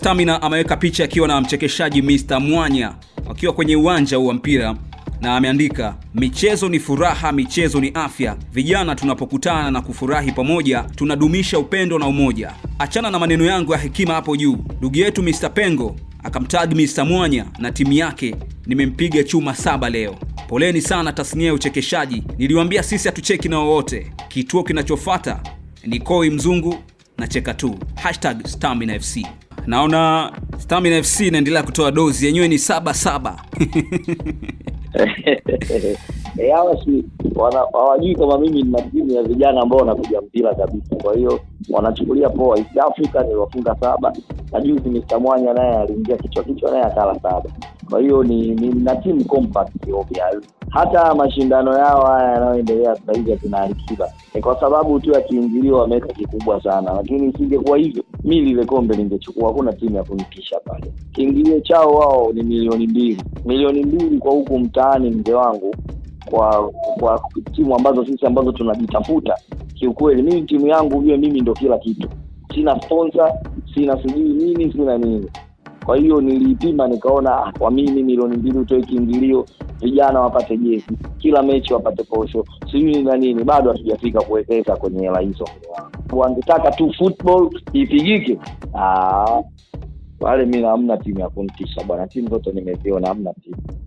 Stamina ameweka picha akiwa na mchekeshaji Mr. Mwanya akiwa kwenye uwanja wa mpira na ameandika michezo ni furaha, michezo ni afya. Vijana tunapokutana na kufurahi pamoja, tunadumisha upendo na umoja. Achana na maneno yangu ya hekima hapo juu. Ndugu yetu Mr. Pengo akamtag Mr. Mwanya na timu yake, nimempiga chuma saba leo. Poleni sana tasnia ya uchekeshaji, niliwaambia sisi hatucheki na wowote. Kituo kinachofuata ni Koi Mzungu na Cheka Tu. #StaminaFC Naona Stamina FC inaendelea kutoa dozi yenyewe ni saba saba. Eh, hawa si hawajui kama mimi nina timu ya vijana ambao wanakuja mpira kabisa, kwa hiyo wanachukulia poa. East Africa niliwafunga saba, na juzi Mr Mwanya naye aliingia kichwa kichwa, naye akala saba. Kwa hiyo ni nina timu Hata mashindano yao haya yanayoendelea sasa hivi yakina Alikiba ni kwa sababu tu ya kiingilio wameweka kikubwa sana, lakini isingekuwa hivyo mi lile kombe lingechukua, hakuna timu ya kunitisha pale. Kiingilio chao wao ni milioni mbili, milioni mbili kwa huku mtaani, mzee wangu, kwa kwa timu ambazo sisi ambazo tunajitafuta kiukweli. Mimi timu yangu ujue, mimi ndo kila kitu, sina sponsa sina sijui nini, sina nini. Kwa hiyo niliipima nikaona, ah, kwa mimi milioni mbili utoe kiingilio vijana wapate jezi, kila mechi wapate posho, sijui na nini. Bado hatujafika kuwekeza kwenye hela hizo. Wangetaka tu football ipigike. Ah, wale mi namna timu ya kuntisha bwana, timu zote nimeziona, amna timu